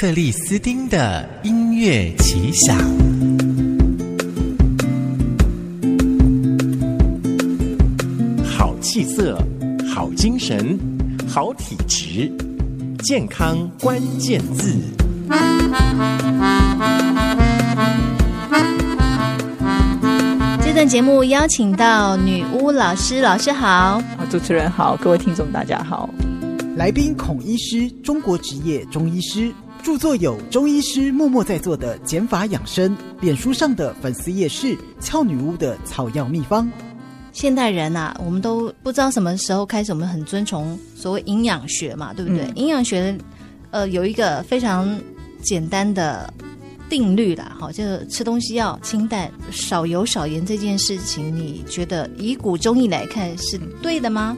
克里斯丁的音樂奇想，好氣色，好精神，好體質，健康關鍵字。這段節目邀請到女巫老師，老師好，好，主持人好，各位聽眾大家好，來賓孔醫師，中國執業中醫師。著作有中醫師默默在做的《減法養生》，臉書上的粉絲頁是俏女巫的草藥秘方。現代人啊，我們都不知道什麼時候開始，我們很遵從所謂營養學嘛，對不對？營養、嗯、學呃有一個非常簡單的定律啦，好，就是吃東西要清淡、少油、少鹽這件事情，你覺得以古中醫來看是對的嗎？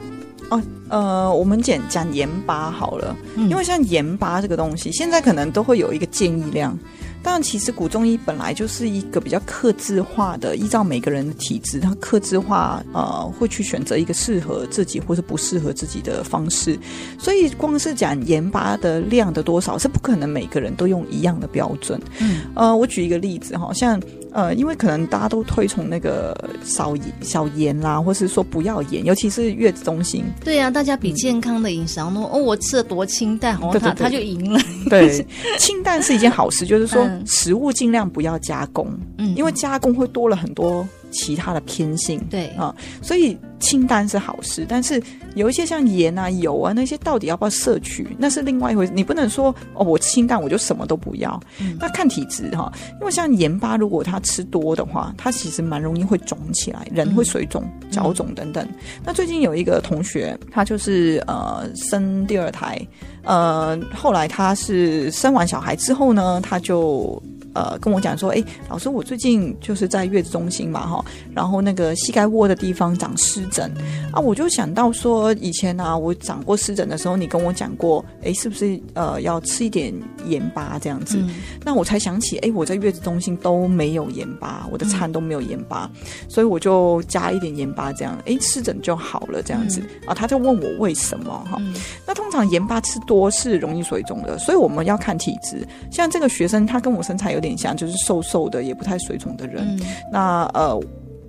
哦，呃，我們講講鹽巴好了，嗯、因為像鹽巴這個東西，現在可能都會有一個建議量，但其實古中醫本來就是一個比較客製化的，依照每個人的體質，它客製化，呃，會去選擇一個適合自己或是不適合自己的方式，所以光是講鹽巴的量的多少是不可能每個人都用一樣的標準。嗯，呃，我舉一個例子哈，像。呃，因為可能大家都推崇那個少鹽少鹽啦，或是說不要鹽，尤其是月子中心。對啊，大家比健康的飲食，嗯、哦，我吃的多清淡，他、哦、他就贏了。對， 清淡是一件好事，就是說食物盡量不要加工，嗯，因為加工會多了很多其他的偏性。對啊、呃，所以。清淡是好事，但是有一些像鹽啊、油啊那些，到底要不要攝取，那是另外一回事。你不能說哦，我清淡我就什麼都不要。嗯、那看體質哈，因為像鹽巴，如果它吃多的話，它其實蠻容易會腫起來，人會水腫、腳腫等等。嗯、那最近有一個同學，他就是呃生第二胎，呃後來他是生完小孩之後呢，他就。呃，跟我講說，哎、欸，老師，我最近就是在月子中心嘛，哈，然後那個膝蓋窩的地方長濕疹，啊，我就想到說，以前啊，我長過濕疹的時候，你跟我講過，哎、欸，是不是呃要吃一點鹽巴這樣子？嗯、那我才想起，哎、欸，我在月子中心都沒有鹽巴，我的餐都沒有鹽巴，嗯、所以我就加一點鹽巴這樣，哎、欸，濕疹就好了這樣子啊。嗯、他就問我為什麼哈、嗯哦？那通常鹽巴吃多是容易水腫的，所以我們要看體質。像這個學生，他跟我身材有，有點像，就是瘦瘦的，也不太水腫的人。嗯、那呃，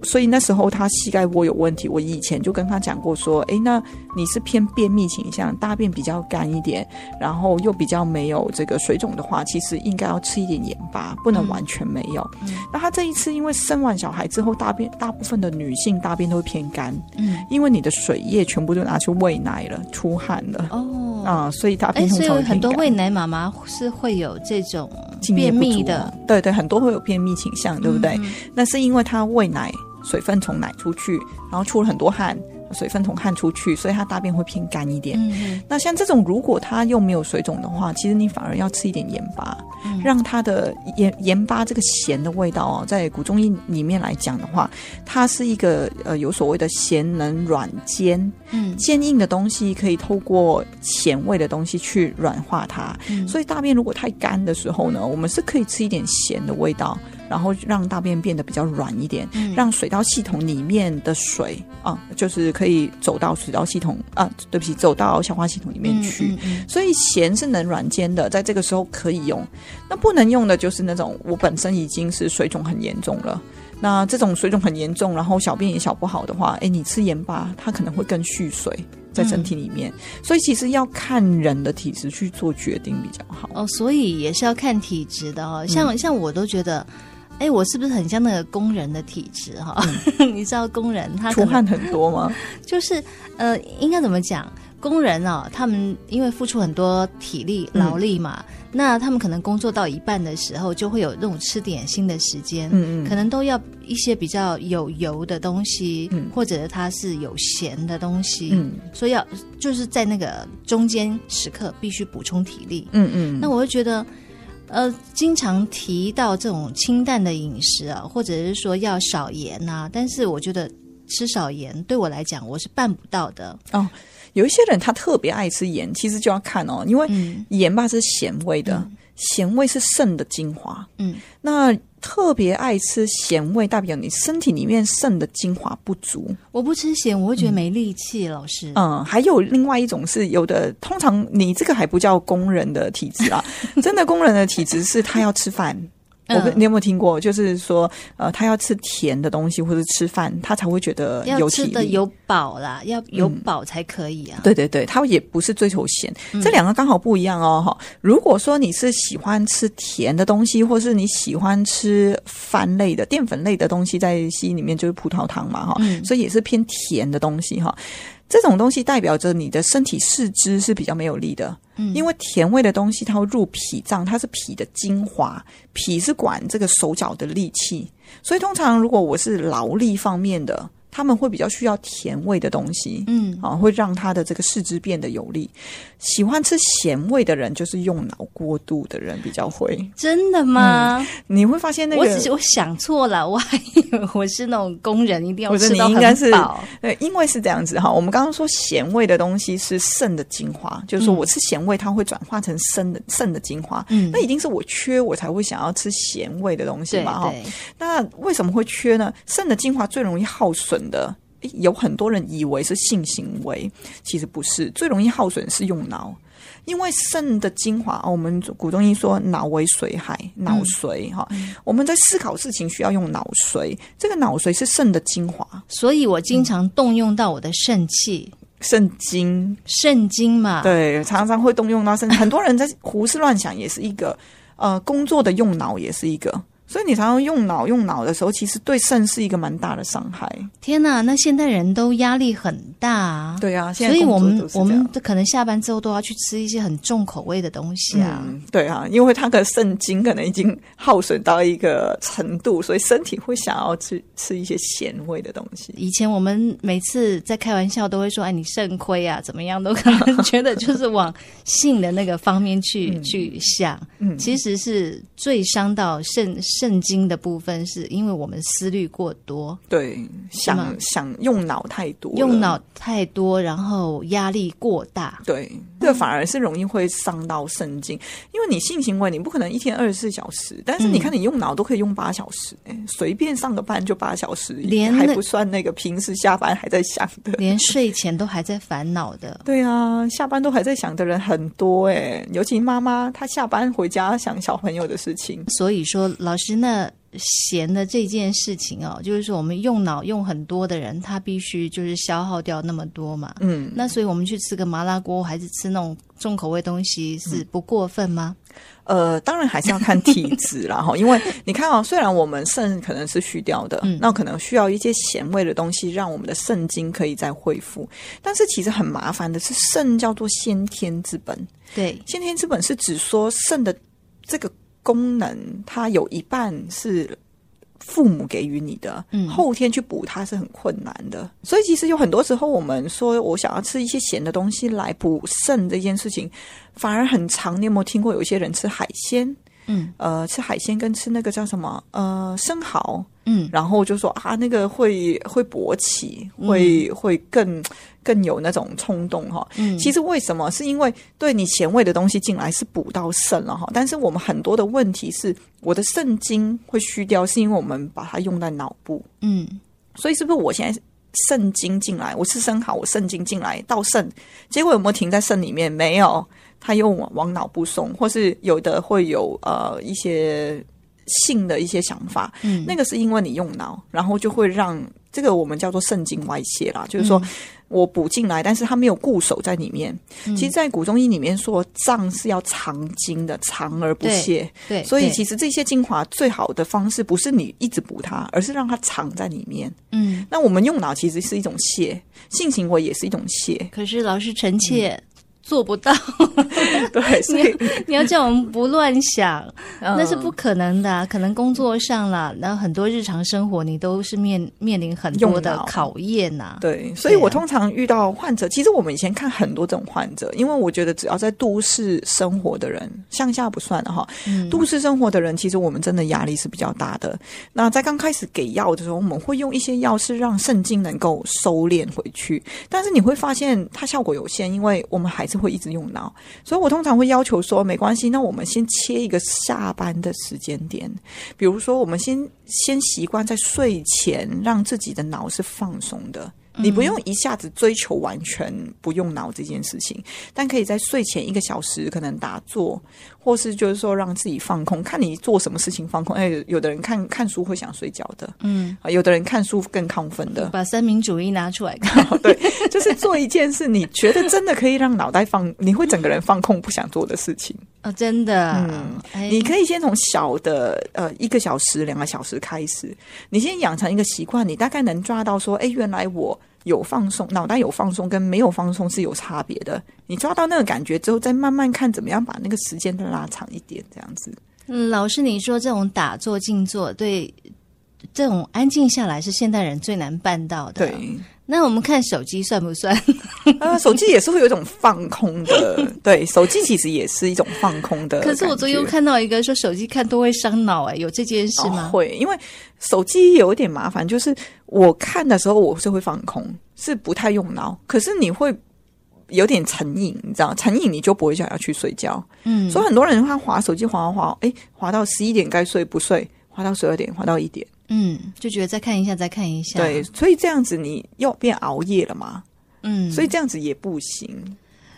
所以那時候他膝蓋窩有問題，我以前就跟他講過說，哎、欸，那你是偏便秘傾向，大便比較乾一點，然後又比較沒有這個水腫的話，其實應該要吃一點鹽巴，不能完全沒有。嗯、那他這一次因為生完小孩之後，大便大部分的女性大便都會偏乾，嗯、因為你的水液全部都拿去餵奶了，出汗了。哦啊、嗯，所以他，平衡，所以很多餵奶媽媽是會有這種便秘的，對對，很多會有便秘傾向，對不對？嗯嗯，那是因為他餵奶，水分從奶出去，然後出了很多汗。水分同汗出去，所以它大便會偏乾一點。嗯、那像這種，如果它又沒有水腫的話，其實你反而要吃一點鹽巴，嗯、讓它的鹽鹽巴這個鹹的味道哦，在古中醫裡面來講的話，它是一個呃有所謂的鹹能軟堅，嗯、堅硬的東西可以透過鹹味的東西去軟化它。嗯、所以大便如果太乾的時候呢，我們是可以吃一點鹹的味道。然後讓大便變得比較軟一點，嗯、讓水道系統裡面的水啊，就是可以走到水道系統啊，對不起，走到消化系統裡面去。嗯嗯嗯、所以鹹是能軟堅的，在這個時候可以用。那不能用的就是那種我本身已經是水腫很嚴重了，那這種水腫很嚴重，然後小便也小不好的話，哎，你吃鹽巴，它可能會更蓄水在身體裡面。嗯、所以其實要看人的體質去做決定比較好。哦，所以也是要看體質的哦。像、嗯、像我都覺得。哎，我是不是很像那個工人的體質哈、嗯？你知道工人他出汗很多嗎？就是呃，應該怎麼講？工人哦，他們因為付出很多體力勞力嘛，嗯、那他們可能工作到一半的時候就會有那種吃點心的時間，嗯，嗯可能都要一些比較有油的東西，嗯、或者它是有鹹的東西，嗯，所以要就是在那個中間時刻必須補充體力，嗯嗯，嗯那我會覺得。呃，經常提到這種清淡的飲食啊，或者是說要少鹽呐、啊，但是我覺得吃少鹽對我來講我是辦不到的。哦，有一些人他特別愛吃鹽，其實就要看哦，因為鹽吧是鹹味的。嗯，嗯。鹹味是腎的精華，嗯，那特別愛吃鹹味，代表你身體裡面腎的精華不足。我不吃鹹，我會覺得沒力氣。嗯、老師，嗯，還有另外一種是，有的，通常你這個還不叫工人的體質啊， 真的工人的體質是他要吃飯。 我你有沒有聽過？就是說，呃，他要吃甜的東西或是吃飯，他才會覺得有氣的有飽啦，要有飽才可以啊。嗯、對對對，他也不是追求鹹，嗯、這兩個剛好不一樣哦。哈，如果說你是喜歡吃甜的東西，或是你喜歡吃飯類的澱粉類的東西，在西醫裡面就是葡萄糖嘛，哈、嗯，所以也是偏甜的東西哈。這種東西代表着你的身體四肢是比較沒有力的，嗯，因為甜味的東西它會入脾臟，它是脾的精華，脾是管這個手腳的力氣，所以通常如果我是勞力方面的。他們會比較需要甜味的東西，嗯啊，會讓他的這個四肢變得有力。喜歡吃鹹味的人，就是用腦過度的人比較會。真的嗎？嗯，你會發現那個，我只是我想錯了，我還以為我是那種工人，一定要吃到很飽。對，因為是這樣子哈。我們剛剛說鹹味的東西是腎的精華，就是說，我吃鹹味，它會轉化成腎的腎的精華。嗯，那一定是我缺，我才會想要吃鹹味的東西嘛哈。對對對，那為什麼會缺呢？腎的精華最容易耗損。的，有很多人以為是性行為，其實不是。最容易耗損是用腦，因為腎的精華、哦、我們古中醫說腦為髓海，腦髓哈、嗯哦。我們在思考事情需要用腦髓，這個腦髓是腎的精華，所以我經常動用到我的腎氣、腎精、嗯、腎精嘛。對，常常會動用到腎。很多人在胡思亂想，也是一個 呃工作的用腦，也是一個。所以你常常用腦用腦的時候，其實對腎是一個蠻大的傷害。天哪、啊，那現代人都壓力很大、啊，對呀、啊。現在所以我們我們都可能下班之後都要去吃一些很重口味的東西啊。嗯、對啊，因為他的腎精可能已經耗損到一個程度，所以身體會想要吃吃一些鹹味的東西。以前我們每次在開玩笑都會說：“哎，你腎虧啊，怎麼樣？”都可能覺得就是往性的那個方面去 去想。嗯，其實是最傷到腎。腎經的部分是因為我們思慮過多，對，嗎想想用腦太多，用腦太多，然後壓力過大，對，嗯、這反而是容易會傷到腎經，因為你性行為你不可能一天二十四小時，但是你看你用腦都可以用八小時，嗯、隨便上個班就八小時，連還不算那個平時下班還在想的，連，連睡前都還在煩惱的， 對啊，下班都還在想的人很多哎，尤其媽媽她下班回家想小朋友的事情，所以說老師。其實那鹹的這件事情哦，就是說我們用腦用很多的人，他必須就是消耗掉那麼多嘛。嗯，那所以我們去吃個麻辣鍋，還是吃那種重口味的東西，是不過分嗎、嗯？呃，當然還是要看體質啦。哈。 因為你看啊、哦，雖然我們腎可能是虛掉的，嗯、那可能需要一些鹹味的東西，讓我們的腎經可以再恢復。但是其實很麻煩的是，腎叫做先天之本。對，先天之本是指說腎的這個。功能，它有一半是父母給予你的，嗯，後天去補它是很困難的。所以其實有很多時候，我們說，我想要吃一些鹹的東西來補腎這件事情，反而很常。你有沒有聽過有些人吃海鮮？嗯，呃，吃海鮮跟吃那個叫什麼，呃，生蠔，嗯，然後就說啊，那個會會勃起，會、嗯、會更更有那種衝動哈。嗯，其實為什麼？是因為對你鹹味的東西進來是補到腎了哈。但是我們很多的問題是我的腎精會虛掉，是因為我們把它用在腦部。嗯，所以是不是我現在腎精進來，我吃生蠔，我腎精進來到腎，結果有沒有停在腎裡面？沒有。他又往往腦部送，或是有的會有呃一些性的一些想法，嗯，那個是因為你用腦，然後就會讓這個我們叫做腎精外泄啦，嗯、就是說我補進來，但是他沒有固守在裡面。嗯、其實，在古中醫裡面說，臟是要藏精的，藏而不泄。對，對對，所以其實這些精華最好的方式不是你一直補它，而是讓它藏在裡面。嗯，那我們用腦其實是一種泄，性行為，也是一種泄。可是，老師臣妾，嗯。做不到 對，所以你要，你要叫我們不亂想， 那是不可能的，啊。可能工作上啦，那很多日常生活你都是面面臨很多的考驗吶，啊。對，所以我通常遇到患者，其實我們以前看很多這種患者，因為我覺得只要在都市生活的人，鄉下不算了哈，嗯、都市生活的人，其實我們真的壓力是比較大的。那在剛開始給藥的時候，我們會用一些藥是讓腎經能夠收斂回去，但是你會發現它效果有限，因為我們還是。會一直用腦，所以我通常會要求說，沒關係，那我們先切一個下班的時間點，比如說，我們先先習慣在睡前讓自己的腦是放鬆的。你不用一下子追求完全不用腦這件事情，嗯、但可以在睡前一個小時可能打坐，或是就是說讓自己放空。看你做什麼事情放空。哎，有的人看看書會想睡覺的，嗯、呃，有的人看書更亢奮的，把三民主義拿出來看，哦。對，就是做一件事，你覺得真的可以讓腦袋放， 你會整個人放空，不想做的事情啊，哦，真的。嗯，哎，你可以先從小的呃一個小時兩個小時開始，你先養成一個習慣，你大概能抓到說，哎，原來我。有放鬆，腦袋有放鬆，跟沒有放鬆是有差別的。你抓到那個感覺之後，再慢慢看怎麼樣把那個時間再拉長一點，這樣子。嗯，老師，你說這種打坐、靜坐，對，這種安靜下來，是現代人最難辦到的。對。那我們看手機算不算、呃？手機也是會有一種放空的。 對，手機其實也是一種放空的。可是我昨天又看到一個說手機看都會傷腦、欸，有這件事嗎、哦？會，因為手機有一點麻煩，就是我看的時候我是會放空，是不太用腦。可是你會有點成癮，你知道嗎？成癮你就不會想要去睡覺。嗯，所以很多人他滑手機滑滑滑，哎，滑到十一點該睡不睡，滑到十二點，滑到一點。嗯，就覺得再看一下，再看一下。對，所以這樣子你又變熬夜了嘛？嗯，所以這樣子也不行。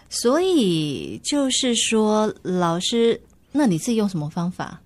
所以就是說，老師，那你自己用什麼方法？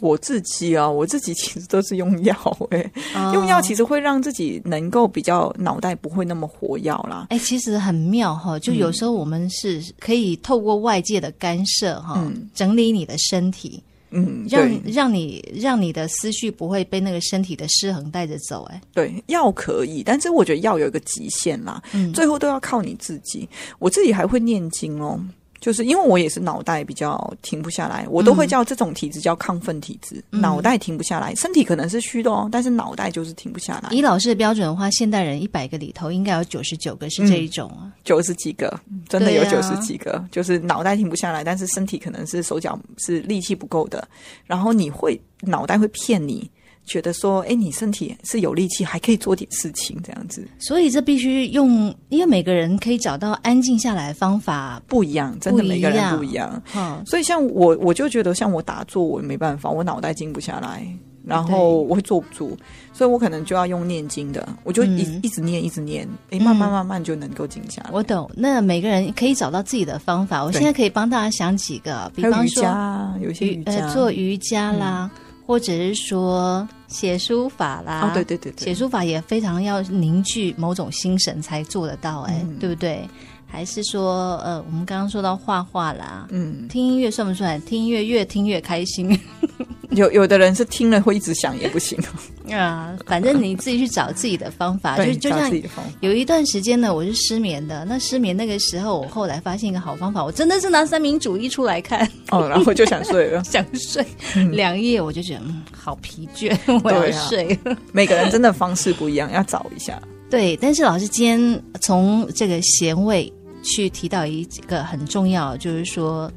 我自己啊，我自己其實都是用藥、欸，哎、哦，用藥其實會讓自己能夠比較腦袋不會那麼活躍啦。哎、欸，其實很妙哈，就有時候我們是可以透過外界的干涉哈，嗯、整理你的身體。嗯，讓對讓你讓你的思緒不會被那個身體的失衡帶着走，欸，哎，對，藥可以，但是我覺得藥有一個極限啦，嗯，最後都要靠你自己。我自己還會念經哦。就是因為我也是腦袋比較停不下來，我都會叫這種體質叫亢奮體質，嗯、腦袋停不下來，身體可能是虛的哦，但是腦袋就是停不下來。以老師的標準的話，現代人一百個裡頭應該有九十九個是這一種啊，九十、嗯、幾個，真的有九十幾個，嗯啊、就是腦袋停不下來，但是身體可能是手腳是力氣不夠的，然後你會腦袋會騙你。覺得說，哎，你身體是有力氣，還可以做點事情，這樣子。所以這必須用，因為每個人可以找到安靜下來的方法不一樣，真的每個人不一樣。一樣所以像我，我就覺得像我打坐，我沒辦法，我腦袋靜不下來，然後我會坐不住，對所以我可能就要用念經的，我就一直、嗯、一直念，一直念，哎，慢慢慢慢就能夠靜下來、嗯。我懂。那每個人可以找到自己的方法。我現在可以幫大家想幾個，對比方說，有，瑜伽、啊、有些瑜伽、呃，做瑜伽啦，嗯、或者是說。寫書法啦，哦、對，對對對，寫書法也非常要凝聚某種心神，才做得到，欸，哎，嗯，對不對？還是說，呃，我們剛剛說到畫畫啦，嗯，聽音樂算不算？聽音樂越聽越開心， 有，有的人是聽了會一直想，也不行。 啊，反正你自己去找自己的方法， 對就就像有一段時間呢，我是失眠的。那失眠那個時候，我後來發現一個好方法，我真的是拿三民主義出來看，哦，然後我就想睡了， 想睡、嗯、兩夜，我就覺得嗯，好疲倦，我要睡、啊、 每個人真的方式不一樣， 要找一下。對，但是老師今天從這個鹹味去提到一個很重要，就是說。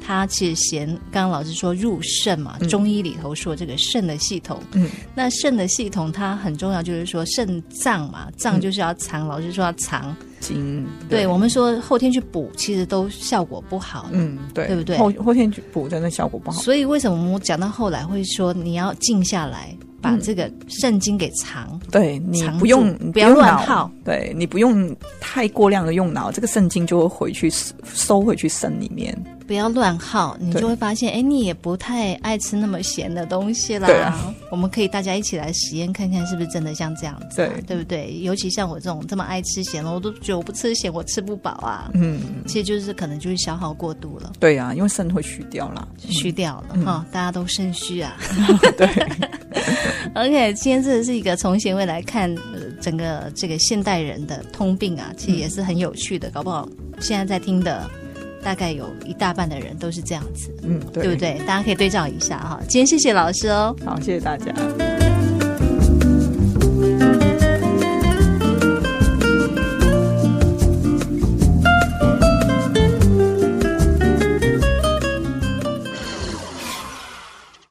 他其實嫌，剛剛老師說入腎嘛？嗯、中醫裡頭說這個腎的系統，嗯、那腎的系統它很重要，就是說腎臟嘛，臟就是要藏。嗯、老師說要藏精，對，對我們說後天去補，其實都效果不好。嗯，對，對不對？後後天去補真的效果不好。所以為什麼我講到後來會說你要靜下來，把這個腎經給藏？對、嗯、住你不用不要亂耗，對你不用太過量的用腦，這個腎經就會回去收收回去腎裡面。不要亂耗，你就會發現，哎對，你也不太愛吃那麼鹹的東西啦。啊、我們可以大家一起來實驗，看看是不是真的像這樣子、啊，對對不對？尤其像我這種這麼愛吃鹹的，我都覺得我不吃鹹我吃不飽啊。嗯，其實就是可能就是消耗過度了。對啊，因為腎會虛掉,掉了，虛掉了啊，大家都腎虛啊。 對，而且、 Okay, 今天這是一個從鹹味來看、呃、整個這個現代人的通病啊，其實也是很有趣的。嗯、搞不好現在在聽的。大概有一大半的人都是這樣子，嗯，對，對不對？大家可以對照一下哈。好，今天謝謝老師哦，好，謝謝大家。